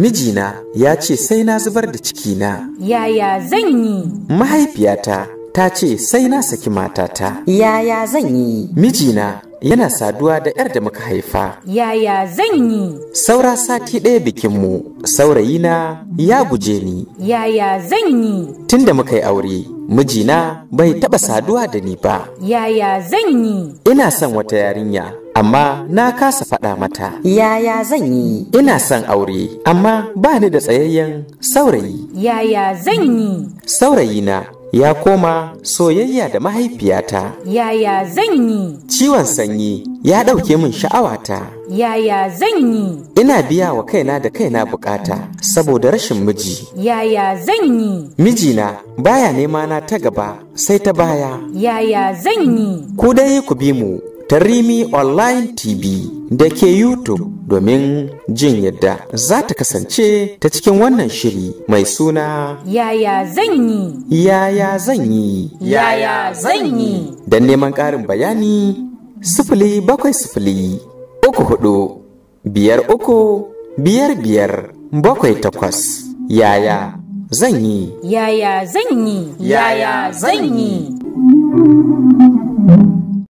mijina ya ce sai na zubar da cikina. Yaya zan yi? Mahaifiyata ta ce sai na saki matata. Yaya zan yi? Mijina yana saduwa da 'yar da muka haifa. Yaya zan yi? Saura sati ɗaya bikinmu, saurayina ya guje ni. Yaya zan yi? Tun da muka yi aure, mijina bai taɓa saduwa da ni ba. Yaya zan yi? Ina son wata yarinya, amma na kasa faɗa mata. Yaya zan yi? Ina son aure, amma ba ni da tsayayyen saurayi. Yaya zan yi? Saurayina ya koma soyayya da mahaifiyata. Yaya zan yi? Ciwon sanyi ya ɗauke min sha'awata. Yaya zan yi? Ina biya wa kaina da kaina bukata. saboda rashin miji. Yaya zan yi? Mijina baya nema na ta gaba sai ta baya. Yaya zan yi? Ku dai ku bi mu tarimi Rimi Online TV da ke YouTube domin jin yadda za ta kasance ta cikin wannan shiri mai suna Yaya zan yi? Yaya zan yi? Yaya zan yi? Don neman ƙarin bayani sifili bakwai sifili uku hudu biyar uku biyar biyar bakwai takwas yaya zan yi yaya zan yi yaya zan yi